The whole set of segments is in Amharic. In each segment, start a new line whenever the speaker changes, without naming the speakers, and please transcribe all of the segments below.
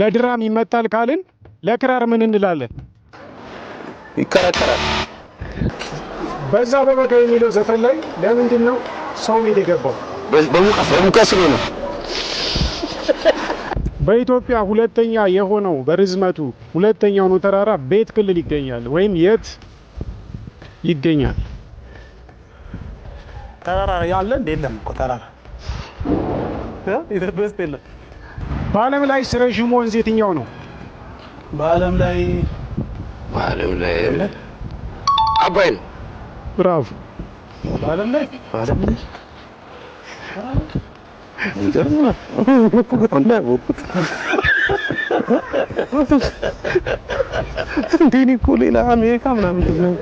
ለድራም ይመጣል ካልን ለክራር ምን እንላለን? ይከራከራል። በዛ በበጋ የሚለው ዘፈን ላይ ለምንድን ነው ሰው ሜድ የገባው?
በሙቀስ ነው።
በኢትዮጵያ ሁለተኛ የሆነው በርዝመቱ ሁለተኛው ነው ተራራ ቤት ክልል ይገኛል ወይም የት ይገኛል?
ተራራ ያለ እንደ የለም እኮ ተራራ ኢትዮጵያ ውስጥ የለም።
በዓለም ላይ ረዥሙ ወንዝ የትኛው ነው?
በዓለም ላይ
በዓለም ላይ አባይ ነው።
ብራቮ።
በዓለም ላይ
በዓለም ላይ ሌላ አሜሪካ ምናምን ነው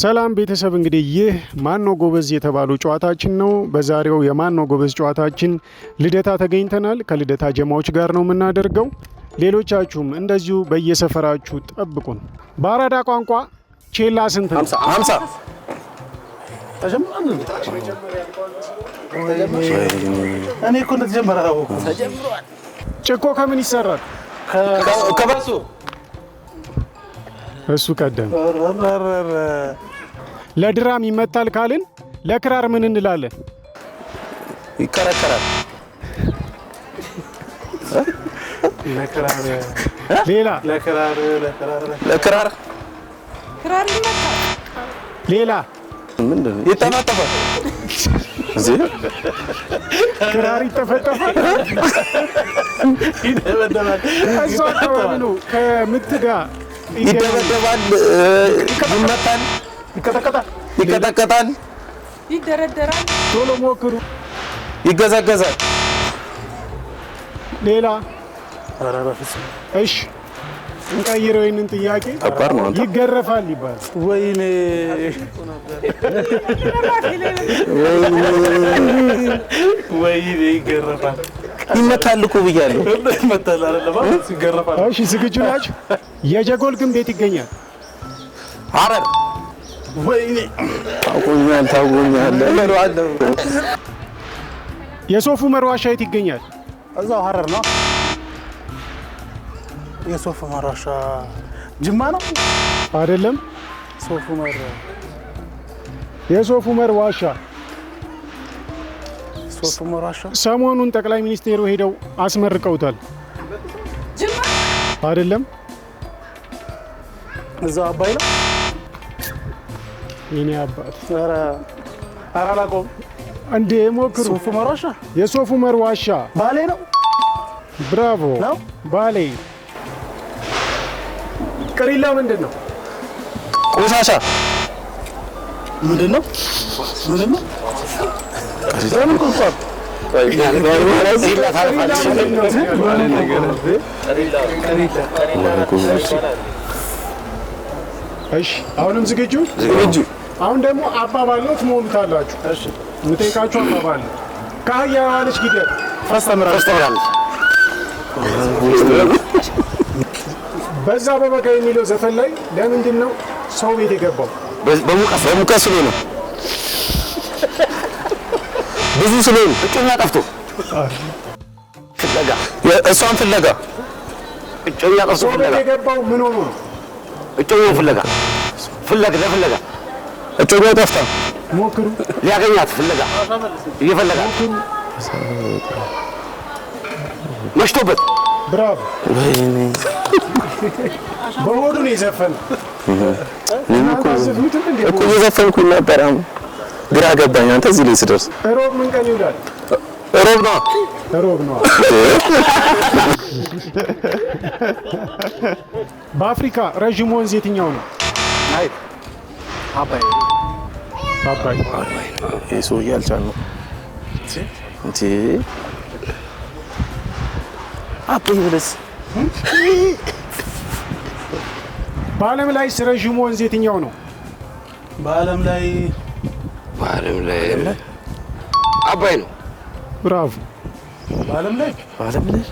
ሰላም ቤተሰብ እንግዲህ ይህ ማነው ጎበዝ የተባሉ ጨዋታችን ነው። በዛሬው የማነው ጎበዝ ጨዋታችን ልደታ ተገኝተናል። ከልደታ ጀማዎች ጋር ነው የምናደርገው። ሌሎቻችሁም እንደዚሁ በየሰፈራችሁ ጠብቁን። በአራዳ ቋንቋ ቼላ ስንት ነው? ጭኮ ከምን ይሰራል? እሱ ቀደም ለድራም ይመታል ካልን ለክራር ምን እንላለን? ይከረከራል። ሌላ ለክራር ሌላ
ምንድን ነው ይጠናጠፋል?
ክራር ይጠፈጠፋል፣
ይደበደባል።
ከምት ጋር
ይደበደባል፣ ይመታል፣ ይቀጠቀጣል፣
ይደረደራል፣
ቶሎ ሞክሩ፣
ይገዛገዛል።
ሌላ እሺ እንቀይረው ይህንን ጥያቄ ይገረፋል ይባላል።
ወይኔ ወይኔ ይገረፋል
ይመታል እኮ ብያለሁ።
እሺ ዝግጁ ናችሁ? የጀጎል ግንብ ቤት ይገኛል።
አረር ወይኔ ታውቆኛል፣ ታውቆኛል።
የሶፍ ዑመር የት ይገኛል?
እዛው ሐረር ነው። የሶፉ ዑመር ጅማ ነው አይደለም? ሶፉ መር
የሶፉ ዑመር ዋሻ ሰሞኑን ጠቅላይ ሚኒስቴሩ ሄደው አስመርቀውታል አይደለም? እዛ አባይ ነው የኔ አባት። ኧረ እንዴ! ሞክሩ። ሶፍ ዑመር ዋሻ፣ የሶፍ ዑመር ዋሻ ባሌ ነው። ብራቮ ነው ባሌ።
ቅሪላ ምንድን ነው? ቆሻሻ ምንድን ነው? ምንድን ነው?
እሺ አሁንም ዝግጁ ዝግጁ። አሁን ደግሞ አባባለው ትሞሉታላችሁ። እሺ የምጠይቃችሁ አባባል ከአህያ ዋለች ጊደር ታስተምራለች። በዛ በበጋ የሚለው ዘፈን ላይ ለምንድን ነው ሰው ቤት የገባው?
በሙቀት በሙቀት ስለሆነ ብዙ ስለሆኑ እጮኛ ጠፍቶ ፍለጋ እሷን ፍለጋ እጮኛ ጠፍቶ ፍለጋ
የገባው ምን ሆኖ ነው?
እጮኛ ፍለጋ ፍለጋ ለፍለጋ እጮኛ ጠፍታ ሞክሩ ሊያገኛት ፍለጋ እየፈለጋ መሽቶበት
ብራቮ በሆዱ ነው የዘፈነው
እኮ እየዘፈንኩኝ ነበር አሁን ግራ ገባኝ። አንተ እዚህ ላይ ስደርስ
ሮብ ምን ቀን ይውላል? ሮብ ነው። ነው። በአፍሪካ ረዥም ወንዝ የትኛው ነው?
አይ አባይ።
አባይ አባይ ብለስ። በዓለም ላይ ረዥም ወንዝ የትኛው ነው?
በዓለም ላይ
በዓለም ላይ አባይ ነው።
ብራቮ!
በዓለም ላይ
በዓለም ላይ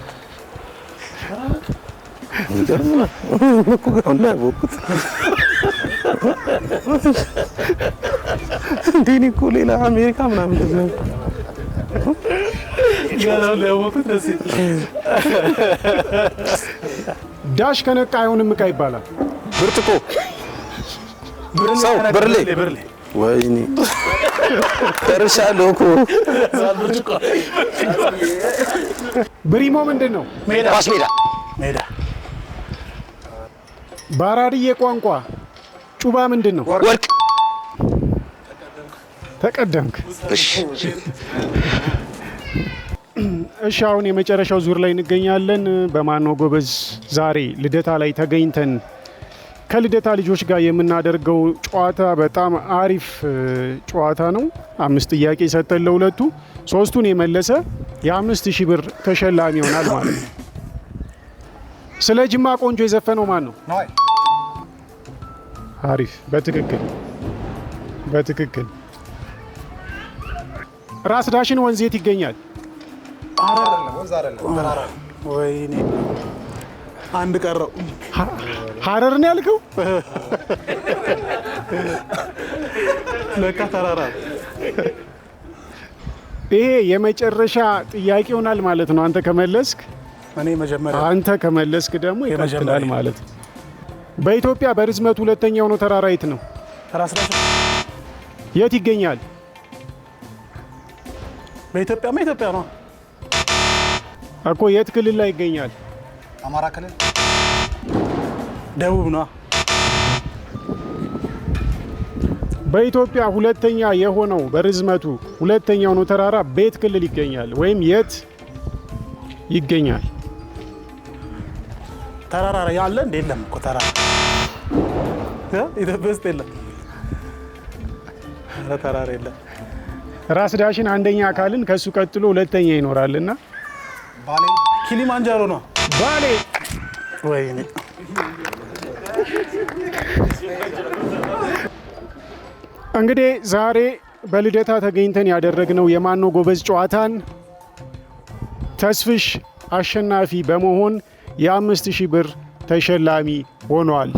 እኮ ሌላ አሜሪካ ምናምን
ዳሽ ከነቃ አይሆንም እቃ ይባላል።
ብርጭቆ፣ ሰው፣ ብርሌ ወይኔ ጨርሻለሁ እኮ
ብሪሞ ምንድን ነው?
ኳስ ሜዳ ሜዳ።
በሐራርዬ ቋንቋ ጩባ ምንድን ነው? ወርቅ። ተቀደምክ። እሺ አሁን የመጨረሻው ዙር ላይ እንገኛለን። በማን ነው ጎበዝ ዛሬ ልደታ ላይ ተገኝተን ከልደታ ልጆች ጋር የምናደርገው ጨዋታ በጣም አሪፍ ጨዋታ ነው። አምስት ጥያቄ ሰጠን ለሁለቱ፣ ሶስቱን የመለሰ የአምስት ሺህ ብር ተሸላሚ ይሆናል ማለት ነው። ስለ ጅማ ቆንጆ የዘፈነው ማን ነው? አሪፍ በትክክል በትክክል። ራስ ዳሽን ወንዝ የት ይገኛል? አንድ ቀረው። ሀረር ነው ያልከው? ለካ ተራራ። ይሄ የመጨረሻ ጥያቄ ይሆናል ማለት ነው። አንተ ከመለስክ እኔ መጀመሪያ፣ አንተ ከመለስክ ደግሞ ይቀጥላል ማለት ነው። በኢትዮጵያ በርዝመት ሁለተኛ የሆነው ተራራ የት ነው? የት ይገኛል?
በኢትዮጵያ ኢትዮጵያ ነው
እኮ። የት ክልል ላይ ይገኛል?
አማራ ክልል ደቡብ ነው።
በኢትዮጵያ ሁለተኛ የሆነው በርዝመቱ ሁለተኛው ነው ተራራ ቤት ክልል ይገኛል? ወይም የት ይገኛል?
ተራራ ያለ እንደ የለም እኮ ተራራ ኢትዮጵያ ውስጥ የለም። ተራራ የለም።
ራስ ዳሽን አንደኛ አካልን ከሱ ቀጥሎ ሁለተኛ ይኖራልና
ባሌ ኪሊማንጃሮ ነው።
ባሌ ወይኔ እንግዲህ ዛሬ በልደታ ተገኝተን ያደረግነው የማን ጎበዝ ጨዋታን ተስፍሽ አሸናፊ በመሆን የአምስት ሺህ ብር ተሸላሚ ሆኗል።